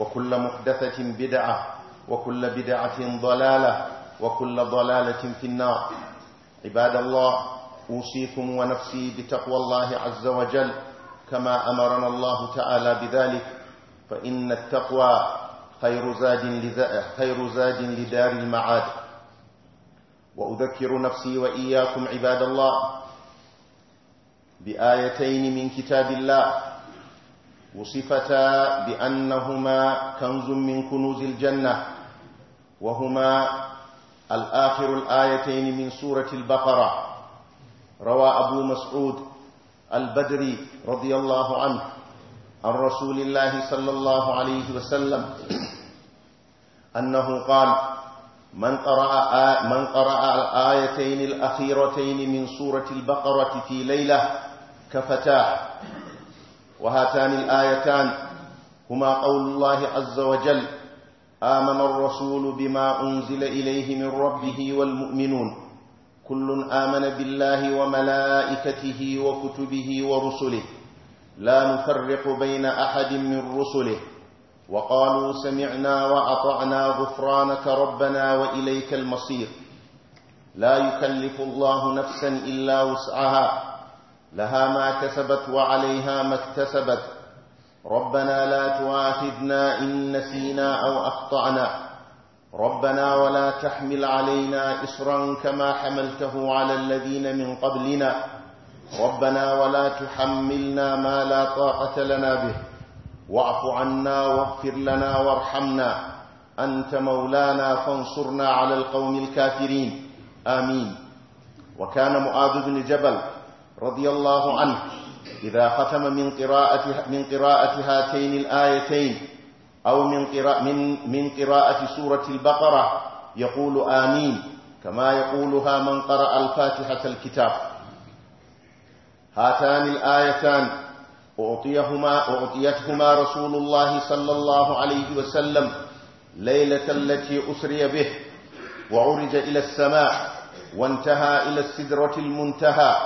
وكل محدثة بدعة وكل بدعة ضلالة وكل ضلالة في النار عباد الله أوصيكم ونفسي بتقوى الله عز وجل كما أمرنا الله تعالى بذلك فإن التقوى خير زاد, خير زاد لدار المعاد وأذكر نفسي وإياكم عباد الله بآيتين من كتاب الله وصفتا بأنهما كنز من كنوز الجنة وهما الآخر الآيتين من سورة البقرة روى أبو مسعود البدري رضي الله عنه عن رسول الله صلى الله عليه وسلم أنه قال من قرأ, آ... من قرأ الآيتين الأخيرتين من سورة البقرة في ليلة كفتاه وهاتان الآيتان هما قول الله عز وجل آمن الرسول بما أنزل إليه من ربه والمؤمنون كل آمن بالله وملائكته وكتبه ورسله لا نفرق بين أحد من رسله وقالوا سمعنا وأطعنا غفرانك ربنا وإليك المصير لا يكلف الله نفسا إلا وسعها لها ما كسبت وعليها ما اكتسبت ربنا لا تواخذنا إن نسينا أو أخطأنا ربنا ولا تحمل علينا إسرا كما حملته على الذين من قبلنا ربنا ولا تحملنا ما لا طاقة لنا به واعف عنا واغفر لنا وارحمنا أنت مولانا فانصرنا على القوم الكافرين آمين وكان معاذ بن جبل رضي الله عنه إذا ختم من قراءة, من قراءة هاتين الآيتين أو من قراءة, من, من قراءة سورة البقرة يقول آمين كما يقولها من قرأ الفاتحة الكتاب هاتان الآيتان أعطيهما, أعطيتهما رسول الله صلى الله عليه وسلم ليلة التي أسري به وعرج إلى السماء وانتهى إلى السدرة المنتهى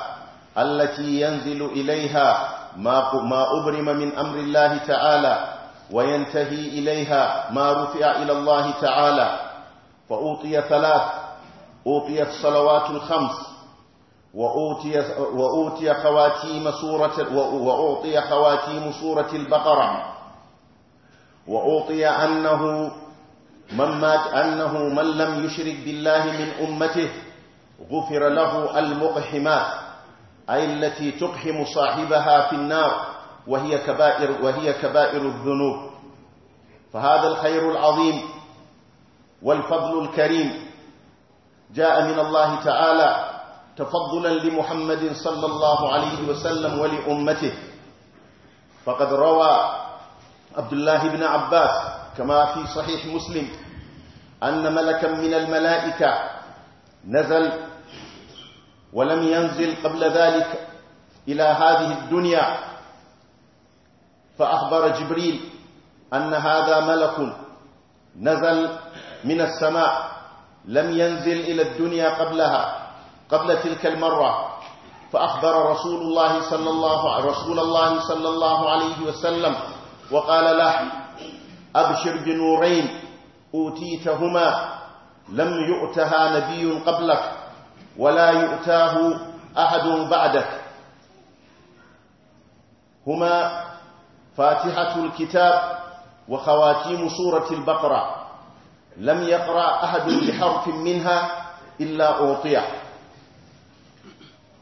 التي ينزل إليها ما ما أبرم من أمر الله تعالى وينتهي إليها ما رفع إلى الله تعالى فأوطي ثلاث أوطي الصلوات الخمس وأوتي, وأوتي خواتيم سورة وأعطي خواتيم سورة البقرة وأعطي أنه من مات أنه من لم يشرك بالله من أمته غفر له المقحمات أي التي تقحم صاحبها في النار وهي كبائر, وهي كبائر الذنوب فهذا الخير العظيم والفضل الكريم جاء من الله تعالى تفضلا لمحمد صلى الله عليه وسلم ولأمته فقد روى عبد الله بن عباس كما في صحيح مسلم أن ملكا من الملائكة نزل ولم ينزل قبل ذلك إلى هذه الدنيا فأخبر جبريل أن هذا ملك نزل من السماء لم ينزل إلى الدنيا قبلها قبل تلك المرة فأخبر رسول الله صلى الله رسول الله صلى الله عليه وسلم وقال له أبشر بنورين أوتيتهما لم يؤتها نبي قبلك ولا يؤتاه أحد بعدك هما فاتحة الكتاب وخواتيم سورة البقرة لم يقرأ أحد بحرف منها إلا أعطيه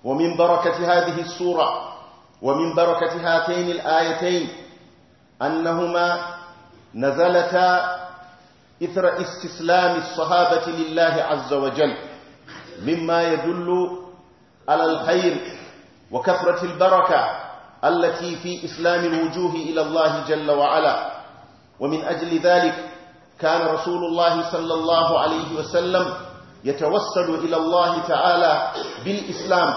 ومن بركة هذه السورة ومن بركة هاتين الآيتين أنهما نزلتا إثر استسلام الصحابة لله عز وجل مما يدل على الخير وكثرة البركة التي في إسلام الوجوه إلى الله جل وعلا ومن أجل ذلك كان رسول الله صلى الله عليه وسلم يتوسل إلى الله تعالى بالإسلام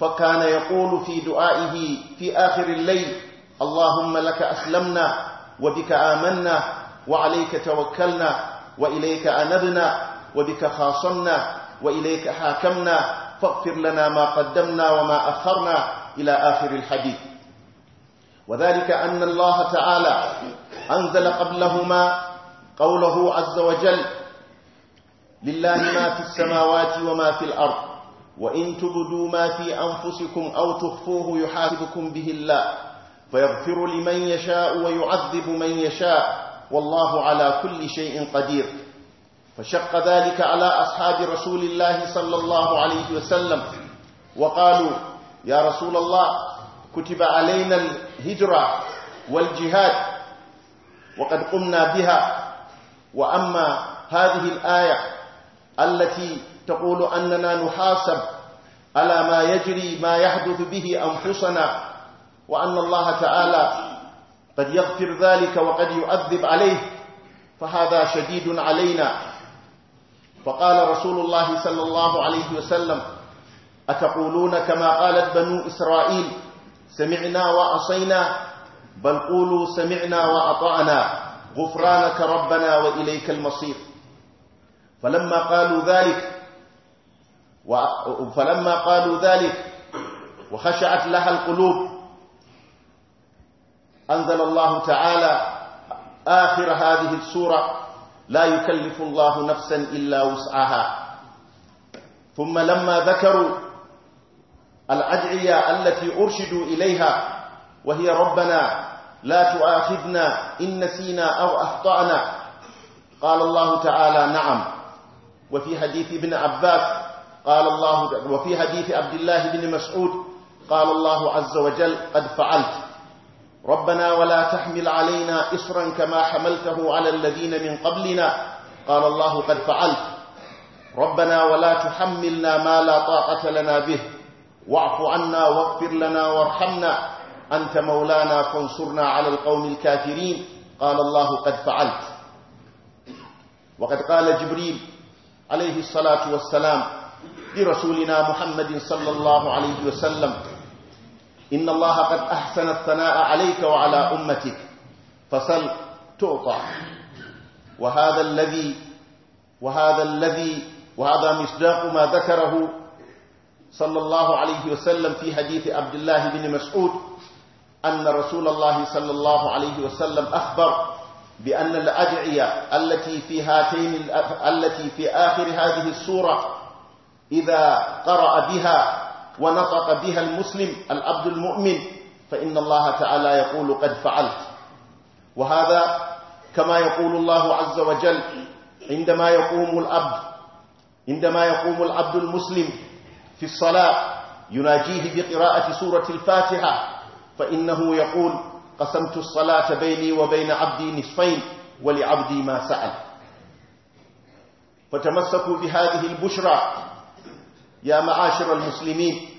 فكان يقول في دعائه في آخر الليل اللهم لك أسلمنا وبك آمنا وعليك توكلنا وإليك أنبنا وبك خاصمنا وإليك حاكمنا فاغفر لنا ما قدمنا وما أخرنا إلى آخر الحديث وذلك أن الله تعالى أنزل قبلهما قوله عز وجل لله ما في السماوات وما في الأرض وإن تبدوا ما في أنفسكم أو تخفوه يحاسبكم به الله فيغفر لمن يشاء ويعذب من يشاء والله على كل شيء قدير فشق ذلك على أصحاب رسول الله صلى الله عليه وسلم وقالوا يا رسول الله كتب علينا الهجرة والجهاد وقد قمنا بها وأما هذه الآية التي تقول أننا نحاسب على ما يجري ما يحدث به أنفسنا وأن الله تعالى قد يغفر ذلك وقد يؤذب عليه فهذا شديد علينا فقال رسول الله صلى الله عليه وسلم أتقولون كما قالت بنو إسرائيل سمعنا وعصينا بل قولوا سمعنا وأطعنا غفرانك ربنا وإليك المصير فلما قالوا ذلك فلما قالوا ذلك وخشعت لها القلوب أنزل الله تعالى آخر هذه السورة لا يكلف الله نفسا إلا وسعها ثم لما ذكروا الأدعية التي أرشدوا إليها وهي ربنا لا تؤاخذنا إن نسينا أو أخطأنا قال الله تعالى نعم وفي حديث ابن عباس قال الله وفي حديث عبد الله بن مسعود قال الله عز وجل قد فعلت ربنا ولا تحمل علينا إصرا كما حملته على الذين من قبلنا قال الله قد فعلت ربنا ولا تحملنا ما لا طاقة لنا به واعف عنا واغفر لنا وارحمنا أنت مولانا فانصرنا على القوم الكافرين قال الله قد فعلت وقد قال جبريل عليه الصلاة والسلام لرسولنا محمد صلى الله عليه وسلم إن الله قد أحسن الثناء عليك وعلى أمتك فصل تعطى وهذا الذي وهذا الذي وهذا مصداق ما ذكره صلى الله عليه وسلم في حديث عبد الله بن مسعود أن رسول الله صلى الله عليه وسلم أخبر بأن الأدعية التي في هاتين التي في آخر هذه السورة إذا قرأ بها ونطق بها المسلم العبد المؤمن فإن الله تعالى يقول قد فعلت وهذا كما يقول الله عز وجل عندما يقوم العبد عندما يقوم العبد المسلم في الصلاة يناجيه بقراءة سورة الفاتحة فإنه يقول قسمت الصلاة بيني وبين عبدي نصفين ولعبدي ما سأل فتمسكوا بهذه البشرى يا معاشر المسلمين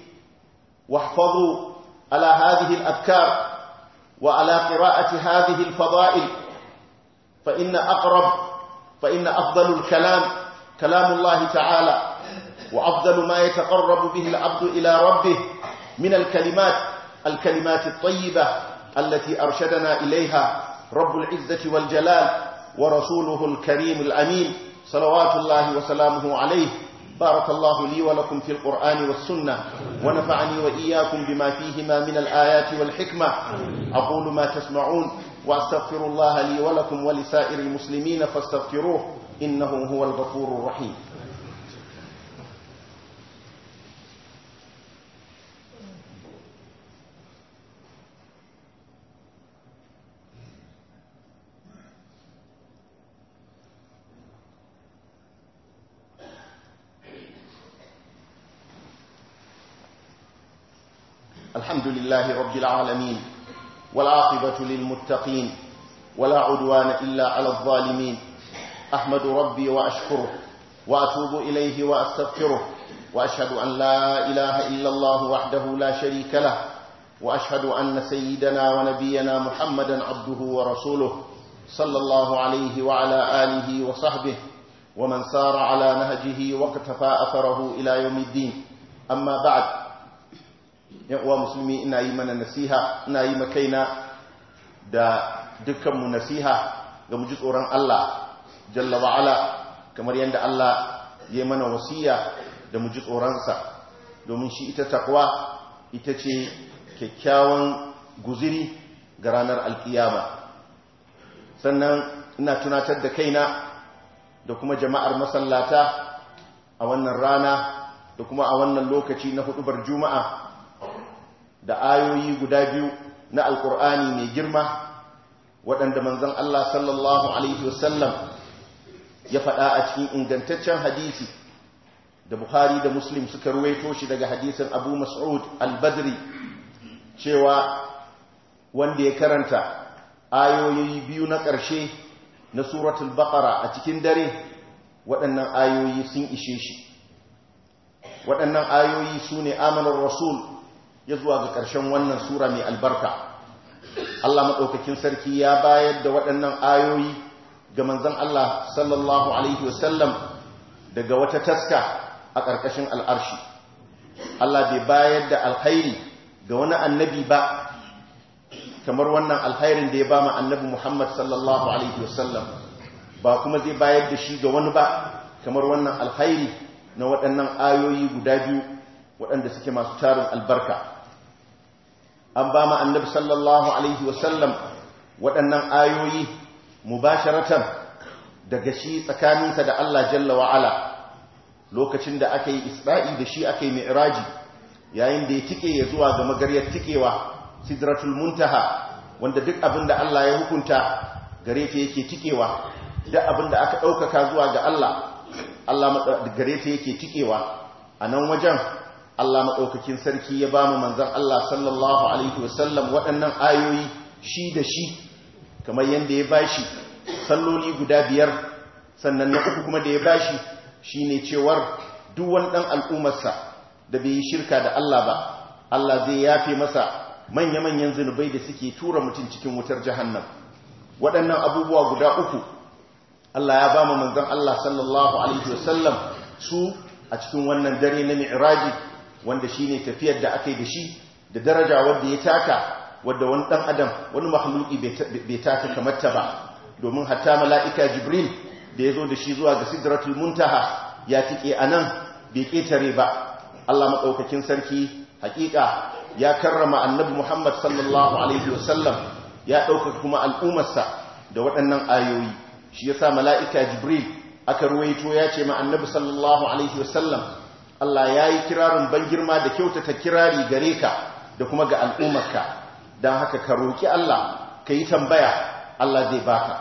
واحفظوا على هذه الأذكار وعلى قراءة هذه الفضائل فإن أقرب فإن أفضل الكلام كلام الله تعالى وأفضل ما يتقرب به العبد إلى ربه من الكلمات الكلمات الطيبة التي أرشدنا إليها رب العزة والجلال ورسوله الكريم الأمين صلوات الله وسلامه عليه بارك الله لي ولكم في القرآن والسنة ونفعني وإياكم بما فيهما من الآيات والحكمة أقول ما تسمعون وأستغفر الله لي ولكم ولسائر المسلمين فاستغفروه إنه هو الغفور الرحيم المتقين ولا عدوان إلا على الظالمين أحمد ربي وأشكره وأتوب إليه وأستغفره وأشهد أن لا إله إلا الله وحده لا شريك له وأشهد أن سيدنا ونبينا محمدا عبده ورسوله صلى الله عليه وعلى آله وصحبه ومن سار على نهجه واقتفى أثره إلى يوم الدين أما بعد يقوى مسلمي إنا إيمان نسيها إنا إيمان كينا da dukkanmu nasiha ga mu ji tsoron Allah jalla wa'ala kamar yadda Allah ya mana wasiya da mu ji tsoronsa domin shi ita takwa ita ce kyakkyawan guziri ga ranar alkiyama sannan ina tunatar da kaina da kuma jama'ar masallata a wannan rana da kuma a wannan lokaci na hudubar juma'a da ayoyi guda biyu na alkur'ani mai girma waɗanda manzon Allah sallallahu alaihi wasallam ya faɗa a cikin ingantaccen hadisi da Buhari da Muslim suka ruwaito shi daga hadisin Abu Mas'ud al-Badri cewa wanda ya karanta ayoyi biyu na ƙarshe na suratul baqara a cikin dare waɗannan ayoyi sun ishe shi waɗannan ayoyi su ne amanar rasul ya zuwa ga ƙarshen wannan sura mai albarka Allah maɗaukakin sarki ya bayar da waɗannan ayoyi ga manzan Allah sallallahu alaihi wasallam daga wata taska a ƙarƙashin al'arshi Allah bai bayar da alkhairi ga wani annabi ba kamar wannan alhairin da ya ba ma annabi Muhammad sallallahu alaihi wasallam ba kuma zai bayar da shi ga wani ba kamar wannan alhairi na waɗannan ayoyi guda biyu waɗanda suke masu tarin albarka an ba ma annabi sallallahu alaihi wasallam waɗannan ayoyi mubasharatan daga shi tsakaninsa da Allah jalla wa'ala lokacin da aka yi isra'i da shi aka yi mi'raji yayin da ya tike ya zuwa ga magaryar tikewa sidratul muntaha wanda duk abin da Allah ya hukunta gare ta yake tikewa duk abin da aka ɗaukaka zuwa ga Allah Allah gare ta yake tikewa a nan wajen Allah maɗaukakin sarki ya ba mu manzan Allah sallallahu alaihi wasallam waɗannan ayoyi shi da shi kamar yadda ya bashi salloli guda biyar sannan na uku kuma da ya bashi shine cewar duwan ɗan al'ummarsa da bai yi shirka da Allah ba Allah zai yafe masa manya-manyan zunubai da suke tura mutum cikin wutar jahannan. waɗannan abubuwa guda uku Allah ya ba mu manzan Allah sallallahu alaihi wasallam su a cikin wannan dare na mi'raji wanda shine tafiyar da aka yi da shi da daraja wanda ya taka wadda wani ɗan adam wani mahaluki bai taka kamar ta ba domin hatta mala'ika jibril da ya zo da shi zuwa ga sidratul muntaha ya tike nan bai ketare ba Allah madaukakin sarki hakika ya karrama annabi Muhammad sallallahu alaihi wasallam ya dauka kuma al'ummarsa da waɗannan ayoyi shi yasa mala'ika jibril aka ruwaito ya ce ma annabi sallallahu alaihi wasallam Allah ya yi kirarin ban girma da kyautata kirari gare ka da kuma ga al'ummarka don haka ka roƙi Allah ka yi tambaya Allah zai baka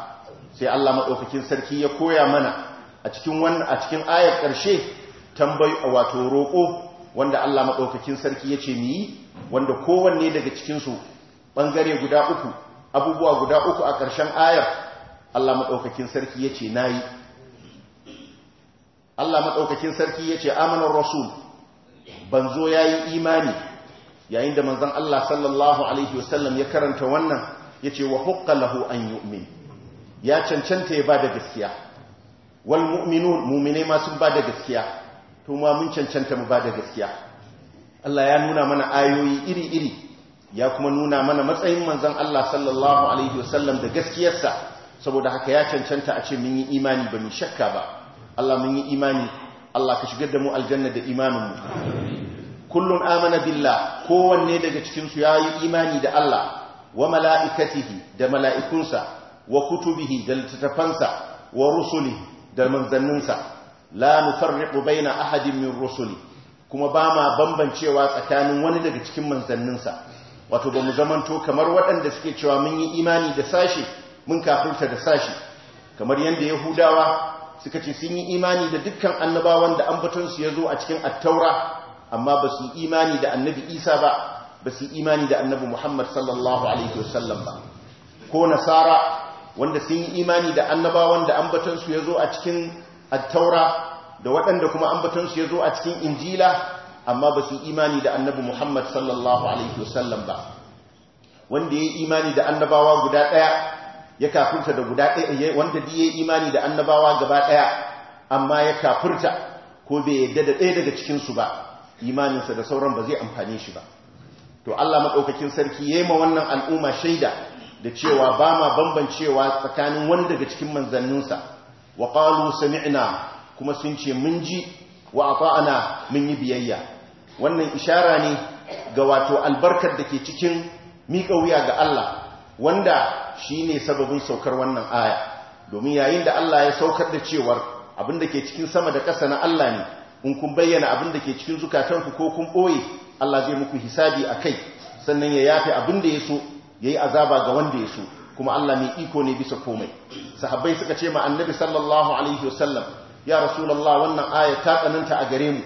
sai Allah maɗaukakin sarki ya koya mana a cikin ayar ƙarshe tambayi a wato roƙo wanda Allah maɗaukakin sarki ya ce yi wanda kowanne daga cikinsu ɓangare guda uku abubuwa guda uku a ƙarshen ayar Allah maɗaukakin sarki ya ce na yi Allah maɗaukakin sarki ya ce amanar rasul banzo ya yi imani yayin da manzan Allah sallallahu Alaihi wasallam ya karanta wannan ya ce wa hukka lahu an yu'min ya cancanta ya ba da gaskiya wal mu'minun muminai ma sun ba da gaskiya tuma mun cancanta mu ba da gaskiya Allah ya nuna mana ayoyi iri-iri ya kuma nuna mana matsayin manzan Allah sallallahu Alaihi wasallam da gaskiyarsa saboda haka ya cancanta a ce mun yi imani ba mu shakka ba Allah mun yi imani Allah ka shigar da mu aljanna da imanin mu kullun amana billah kowanne daga cikin su yayi imani da Allah wa mala'ikatihi da mala'ikunsa wa kutubihi da littattafansa wa rusulihi da manzanninsa la nufarriqu baina ahadin min rusuli kuma ba ma bambancewa tsakanin wani daga cikin manzanninsa wato ba mu zamanto kamar waɗanda suke cewa mun yi imani da sashi mun kafirta da sashi kamar yadda yahudawa suka ce sun yi imani da dukkan annabawan da ambatonsu ya zo a cikin attaura amma ba su yi imani da annabi isa ba ba su yi imani da annabi muhammad sallallahu alaihi wasallam ba ko nasara wanda sun yi imani da annabawan da ambatonsu ya zo a cikin attaura da waɗanda kuma ambatonsu ya zo a cikin injila amma ba su yi imani da annabi muhammad sallallahu alaihi wasallam ba wanda ya yi imani da annabawa guda ɗaya ya kafirta da guda ɗaya wanda biye imani da annabawa gaba ɗaya amma ya kafirta ko bai yadda da ɗaya daga cikinsu ba imaninsa da sauran ba zai amfani shi ba to Allah maɗaukakin sarki ya yi ma wannan al'umma shaida da cewa ba ma bambancewa tsakanin wani daga cikin manzanninsa wa ƙalu sami'na kuma sun ce mun ji wa fa'ana mun yi biyayya wannan ishara ne ga wato albarkar da ke cikin miƙa wuya ga Allah wanda Shi ne sababin saukar wannan aya domin yayin da Allah ya saukar da cewar da ke cikin sama da ƙasa na Allah ne in kun bayyana abin da ke cikin zukatanku ko kun ɓoye, Allah zai muku hisabi a kai sannan ya yafi da ya so ya yi azaba ga wanda ya so kuma Allah mai iko ne bisa komai sahabbai suka ce ma annabi sallallahu alaihi wasallam ya rasulallah wannan aya ta tsananta a gare mu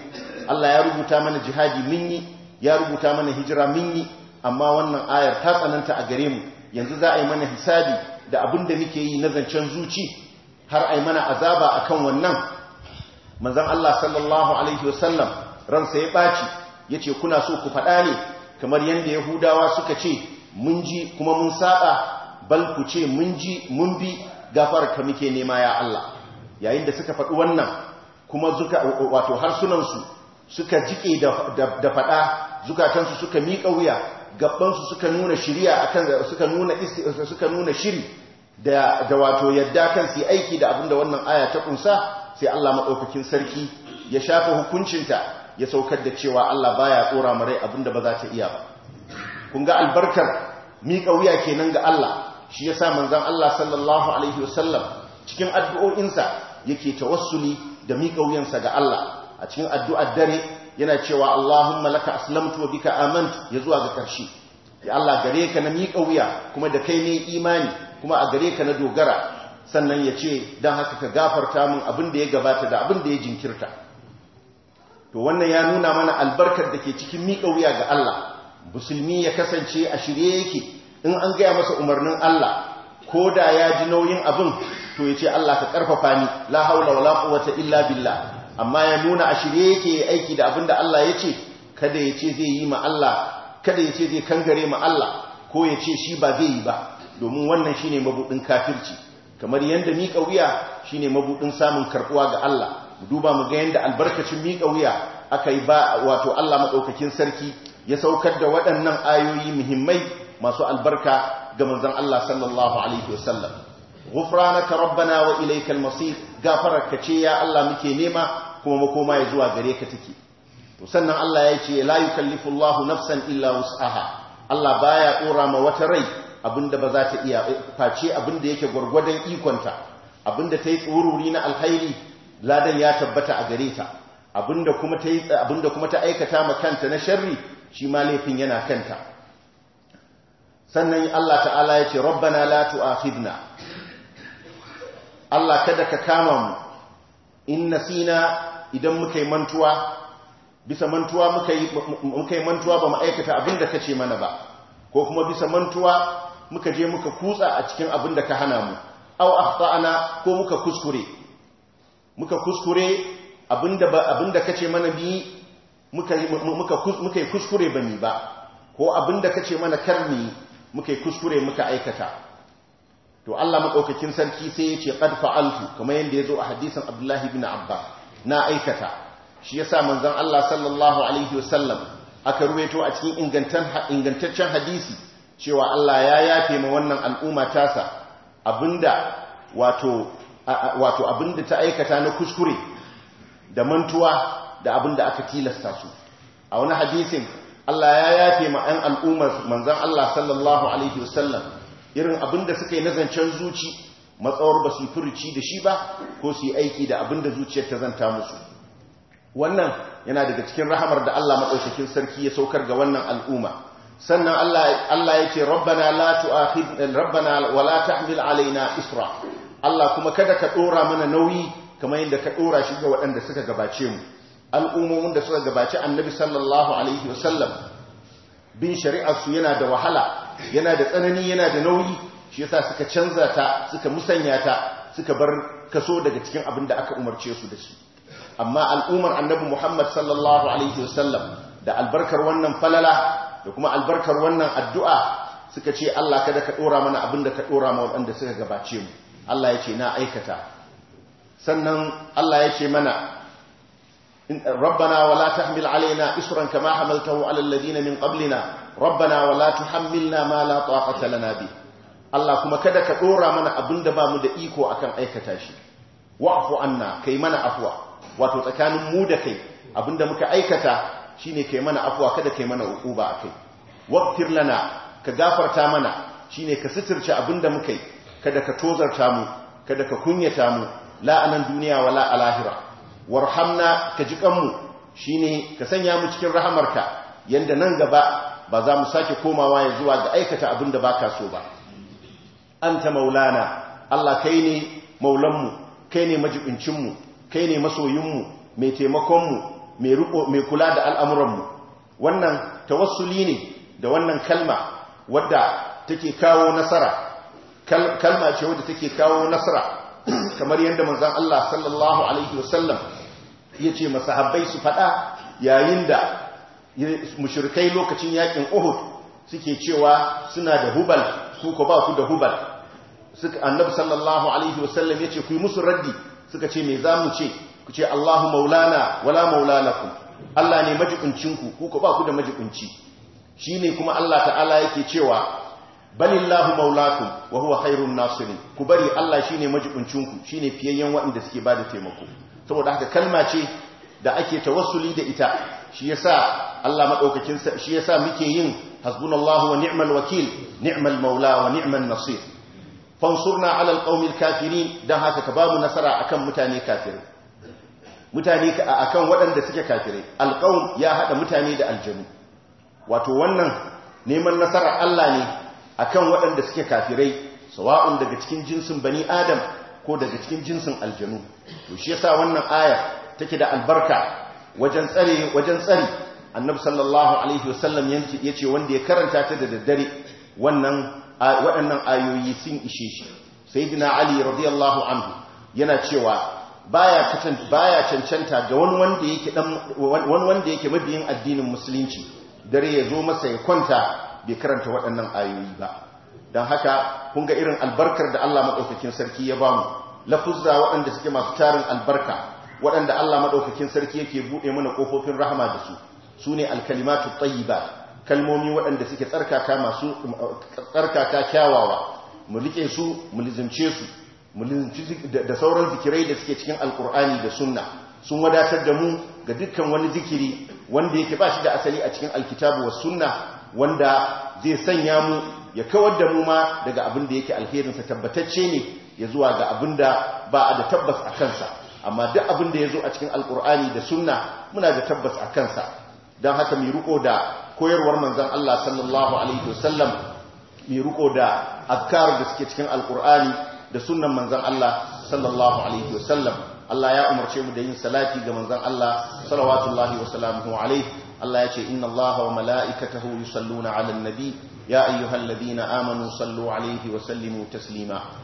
Allah ya rubuta mana jihadi mun yi ya rubuta mana hijira mun yi amma wannan ayar ta tsananta a gare mu yanzu za a yi mana hisabi da abin da muke yi na zancen zuci har a yi mana azaba a kan wannan manzan Allah sallallahu alaihi wasallam ransa ya ɓaci ya ce kuna so ku faɗa ne kamar yadda yahudawa suka ce mun ji kuma mun saɓa. bal ku ce mun ji mun bi gafar ka muke nema ya Allah yayin da suka faɗi wannan kuma zuka wato harsunansu suka jike da faɗa zukatansu suka miƙa wuya gabansu suka nuna shiriya akan suka nuna suka nuna shiri da wato yadda kan su aiki da abinda wannan aya ta kunsa sai Allah madaukakin sarki ya shafa hukuncinta ya saukar da cewa Allah baya tsora marai abinda ba za ta iya ba kun ga albarkar miƙa wuya kenan ga Allah shi yasa manzon Allah sallallahu alaihi wasallam cikin addu'o'insa yake tawassuli da miƙa wuyansa ga Allah a cikin addu'ar dare yana cewa Allahumma laka aslamtu wa bika amantu ya zuwa ga ƙarshe. ya Allah gare ka na miƙa wuya kuma da kai ne imani kuma a gare ka na dogara sannan ya ce don haka ka gafarta min abin da ya gabata da abin da ya jinkirta to wannan ya nuna mana albarkar da ke cikin miƙa wuya ga Allah musulmi ya kasance a shirye yake in an gaya masa umarnin Allah ko da ya ji nauyin abin to ya ce Allah ka ƙarfafa ni la haula wala quwwata illa billah amma ya nuna a shirye yake aiki da abin da Allah ya ce kada ya ce zai yi ma kada ya ce zai kangare ma Allah ko ya ce shi ba zai yi ba domin wannan shi ne mabudin kafirci kamar yadda miƙa wuya shi ne mabudin samun karɓuwa ga Allah duba mu ga yadda albarkacin miƙa wuya aka yi ba wato Allah maɗaukakin sarki ya saukar da waɗannan ayoyi muhimmai masu albarka ga manzon Allah sallallahu alaihi wasallam ghufranaka rabbana wa ilaykal masir gafararka ce ya Allah muke nema kuma makoma ya zuwa gare ka take to sannan Allah ya ce la yukallifu Allahu nafsan illa wus'aha Allah baya kora ma wata rai abinda ba za ta iya face abinda yake gurgurdan ikonta abinda tayi tsururi na alkhairi ladan ya tabbata a gare ta abinda kuma tayi abinda kuma ta aikata ma kanta na sharri shi ma laifin yana kanta sannan Allah ta'ala ya ce rabbana la tu'akhidna Allah kada ka kama mu in nasina idan muka yi mantuwa bisa mantuwa muka yi mantuwa ba ma'aikata abin da ka ce mana ba ko kuma bisa mantuwa muka je muka kutsa a cikin abin da ka hana mu aw akhtana ko muka kuskure muka kuskure abinda abinda kace mana bi muka muka muka kuskure bani ba ko abin da kace mana karmi muka kuskure muka aikata to Allah madaukakin sarki sai ya ce qad fa'altu kamar ya zo a hadisin Abdullahi bin Abba na aikata shi yasa manzon Allah sallallahu alaihi wasallam aka ruwaito a cikin ingantaccen hadisi cewa Allah ya yafe ma wannan al'umma tasa abinda wato abinda ta aikata na kuskure da mantuwa da abinda aka tilasta su a wani hadisin Allah ya yafe ma yan al'ummar manzon Allah sallallahu alaihi wasallam irin abin da suka yi nazancen zuci matsawar ba su furuci da shi ba ko su yi aiki da abin da zuciyar ta zanta musu wannan yana daga cikin rahamar da Allah maɗaukakin sarki ya saukar ga wannan al'umma sannan Allah ya ce rabbana la tu'akhidna rabbana wa la tahmil alaina isra Allah kuma kada ka dora mana nauyi kamar yadda ka dora shi ga waɗanda suka gabace mu al'ummomin da suka gabace annabi sallallahu alaihi wasallam bin shari'ar su yana da wahala yana da tsanani yana da nauyi shi yasa suka canza ta suka musanya ta suka bar kaso daga cikin abin da aka umarce su da shi amma al'ummar annabi Muhammad sallallahu alaihi wasallam da albarkar wannan falala da kuma albarkar wannan addu'a suka ce Allah kada ka dora mana abin da ka dora ma wanda suka gabace mu Allah ya ce na aikata sannan Allah ya ce mana ربنا ولا تحمل علينا إسرا كما حملته على الذين من قبلنا rabbana wala tuhammilna ma la taqata lana bi Allah kuma kada ka dora mana abinda ba mu da iko akan aikata shi wa'fu anna kai mana afwa wato tsakanin mu da kai da muka aikata shine kai mana afwa kada kai mana uquba akai waqtir lana ka gafarta mana shine ka sitirce da muka yi kada ka tozarta mu kada ka kunyata mu la anan duniya wala alahira warhamna ka ji kanmu shine ka sanya mu cikin rahamarka yanda nan gaba ba za mu sake komawa ya zuwa ga aikata abin da baka so ba anta maulana Allah kai ne maulanmu kai ne majibincinmu kai ne masoyinmu mai taimakonmu mai kula da al'amuranmu wannan tawassuli ne da wannan kalma wadda take kawo nasara kalma ce wadda take kawo nasara kamar yadda manzon Allah sallallahu alaihi wasallam yace masahabbai su faɗa yayin da mushirkai lokacin yakin Uhud suke cewa suna da hubal su ko ba ku da hubal suka annabi sallallahu alaihi wasallam yace ku yi musu raddi suka ce me zamu ce ku ce Allahu maulana wala maulanakum Allah ne majikuncin ku ku ko ba ku da majikunci shine kuma Allah ta'ala yake cewa balillahu maulakum wa huwa khairun nasirin ku bari Allah shine majikuncin ku shine fiyayen wanda suke bada taimako saboda haka kalma ce da ake tawassuli da ita shi yasa Allah madaukakin shi yasa muke yin hasbunallahu wa ni'mal wakil ni'mal maula wa ni'man nasir fansurna ala alqaumil kafirin dan haka ka bamu nasara akan mutane kafirai mutane akan waɗanda suke kafirai alqaum ya hada mutane da aljanu wato wannan neman nasara Allah ne akan waɗanda suke kafirai sawa'un daga cikin jinsin bani adam ko daga cikin jinsin aljanu to shi yasa wannan aya take da albarka wajen tsare wajen tsari annabi sallallahu alaihi wasallam yace wanda ya karanta ta da daddare wannan waɗannan ayoyi sun ishe shi sayyidina ali radiyallahu anhu yana cewa baya katan baya cancanta ga wani wanda yake dan wani wanda yake mabiyin addinin musulunci dare ya zo masa ya kwanta bai karanta waɗannan ayoyi ba dan haka kun ga irin albarkar da Allah madaukakin sarki ya bamu lafuzza waɗanda suke masu tarin albarka waɗanda Allah maɗaukakin sarki yake buɗe mana ƙofofin rahama da su su ne alkalimatu ba. kalmomi waɗanda suke tsarkaka masu tsarkaka kyawawa mu rike su mu lizimce su mu lizimci da sauran zikirai da suke cikin alkur'ani da sunna sun wadatar da mu ga dukkan wani zikiri wanda yake ba shi da asali a cikin alkitabu wa sunna wanda zai sanya mu ya kawar da mu ma daga abin da yake alherinsa tabbatacce ne ya zuwa ga abin da ba a da tabbas a kansa amma duk abin da ya zo a cikin alkur'ani da sunna muna da tabbas a kansa don haka mai ruko da koyarwar manzan Allah sallallahu alaihi wasallam mai ruko da afkar da suke cikin alkur'ani da sunnan manzan Allah sallallahu alaihi wasallam Allah ya umarce mu da yin salati ga manzan Allah salawatullahi wa salamuhu alaihi Allah ya ce inna Allah wa mala'ikatahu yusalluna 'alan nabi ya ayyuhalladhina amanu sallu alaihi wa sallimu taslima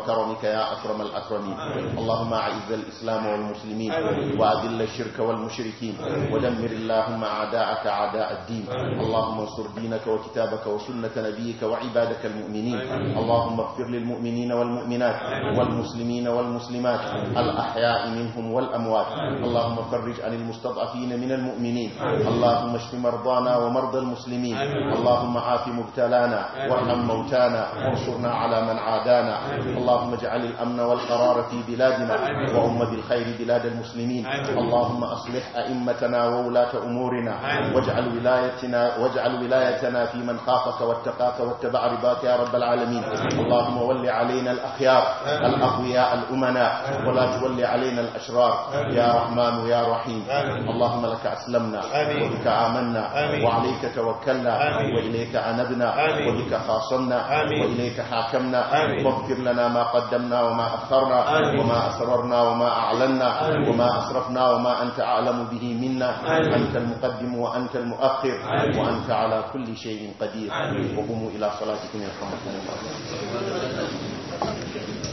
وكرمك يا أكرم الأكرمين اللهم أعز الإسلام والمسلمين وأذل الشرك والمشركين ودمر اللهم أعداءك أعداء الدين اللهم انصر دينك وكتابك وسنة نبيك وعبادك المؤمنين اللهم اغفر للمؤمنين والمؤمنات والمسلمين والمسلمات الأحياء منهم والأموات اللهم فرج عن المستضعفين من المؤمنين اللهم اشف مرضانا ومرضى المسلمين اللهم عاف مبتلانا وارحم موتانا وانصرنا على من عادانا اللهم اللهم اجعل الأمن والقرار في بلادنا وأمة الخير بلاد المسلمين اللهم أصلح أئمتنا وولاة أمورنا واجعل ولايتنا, واجعل ولايتنا في من خافك واتقاك واتبع رباك يا رب العالمين اللهم ول علينا الأخيار الأقوياء الأمناء ولا تول علينا الأشرار يا رحمن يا رحيم اللهم لك أسلمنا وبك آمنا وعليك توكلنا وإليك أنبنا وبك خاصمنا وإليك حاكمنا واغفر لنا ما ما قدمنا وما أخرنا وما أسررنا وما أعلنا وما أسرفنا وما أنت أعلم به منا أنت المقدم وأنت المؤخر وأنت على كل شيء قدير وقوموا إلى صلاتكم يرحمكم الله